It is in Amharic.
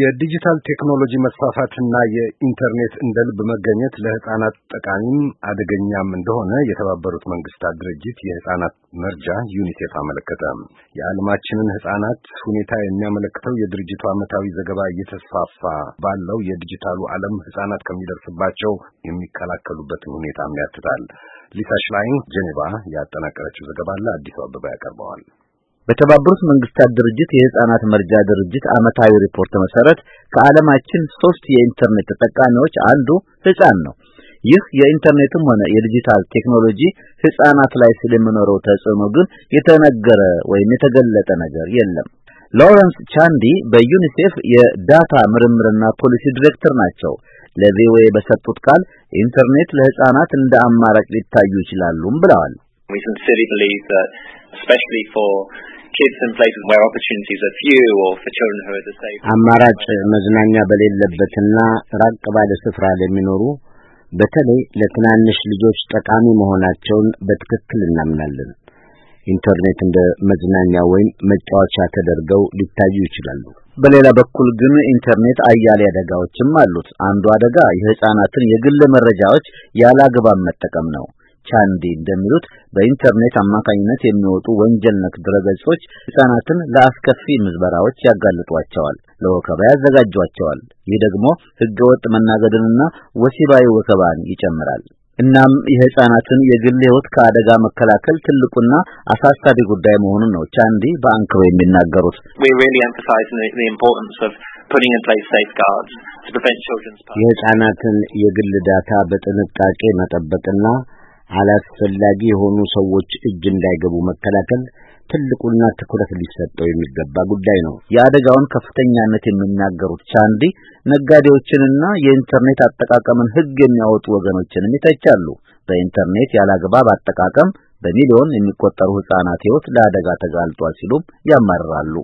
የዲጂታል ቴክኖሎጂ መስፋፋትና የኢንተርኔት እንደ ልብ መገኘት ለሕፃናት ጠቃሚም አደገኛም እንደሆነ የተባበሩት መንግስታት ድርጅት የህጻናት መርጃ ዩኒሴፍ አመለከተ። የዓለማችንን ህጻናት ሁኔታ የሚያመለክተው የድርጅቱ ዓመታዊ ዘገባ እየተስፋፋ ባለው የዲጂታሉ ዓለም ህጻናት ከሚደርስባቸው የሚከላከሉበትን ሁኔታም ያትታል። ሊሳ ሽላይን ጄኔቫ ያጠናቀረችው ዘገባ ለአዲሱ አበባ ያቀርበዋል። በተባበሩት መንግስታት ድርጅት የህፃናት መርጃ ድርጅት አመታዊ ሪፖርት መሰረት ከዓለማችን ሶስት የኢንተርኔት ተጠቃሚዎች አንዱ ህፃን ነው። ይህ የኢንተርኔትም ሆነ የዲጂታል ቴክኖሎጂ ህፃናት ላይ ስለሚኖረው ተጽዕኖ ግን የተነገረ ወይም የተገለጠ ነገር የለም። ሎረንስ ቻንዲ በዩኒሴፍ የዳታ ምርምርና ፖሊሲ ዲሬክተር ናቸው። ለቪኦኤ በሰጡት ቃል ኢንተርኔት ለህፃናት እንደ አማራጭ ሊታዩ ይችላሉም ብለዋል። አማራጭ መዝናኛ በሌለበትና ራቅ ባለ ስፍራ ለሚኖሩ በተለይ ለትናንሽ ልጆች ጠቃሚ መሆናቸውን በትክክል እናምናለን። ኢንተርኔት እንደ መዝናኛ ወይም መጫወቻ ተደርገው ሊታዩ ይችላሉ። በሌላ በኩል ግን ኢንተርኔት አያሌ አደጋዎችም አሉት። አንዱ አደጋ የሕፃናትን የግል መረጃዎች ያላግባብ መጠቀም ነው። ቻንዲ እንደሚሉት በኢንተርኔት አማካኝነት የሚወጡ ወንጀል ነክ ድረገጾች ህጻናትን ለአስከፊ ምዝበራዎች ያጋልጧቸዋል፣ ለወከባ ያዘጋጇቸዋል። ይህ ደግሞ ህገወጥ መናገድንና ወሲባዊ ወከባን ይጨምራል። እናም የህፃናትን የግል ህይወት ከአደጋ መከላከል ትልቁና አሳሳቢ ጉዳይ መሆኑን ነው ቻንዲ በአንክሮ የሚናገሩት። የሕፃናትን የግል ዳታ በጥንቃቄ መጠበቅና አላስፈላጊ የሆኑ ሰዎች እጅ እንዳይገቡ መከላከል ትልቁና ትኩረት ሊሰጠው የሚገባ ጉዳይ ነው። የአደጋውን ከፍተኛነት የሚናገሩት ቻንዲ ነጋዴዎችንና የኢንተርኔት አጠቃቀምን ሕግ የሚያወጡ ወገኖችንም ይተቻሉ። በኢንተርኔት ያላግባብ አጠቃቀም በሚሊዮን የሚቆጠሩ ሕፃናት ሕይወት ለአደጋ ተጋልጧል ሲሉም ያማርራሉ።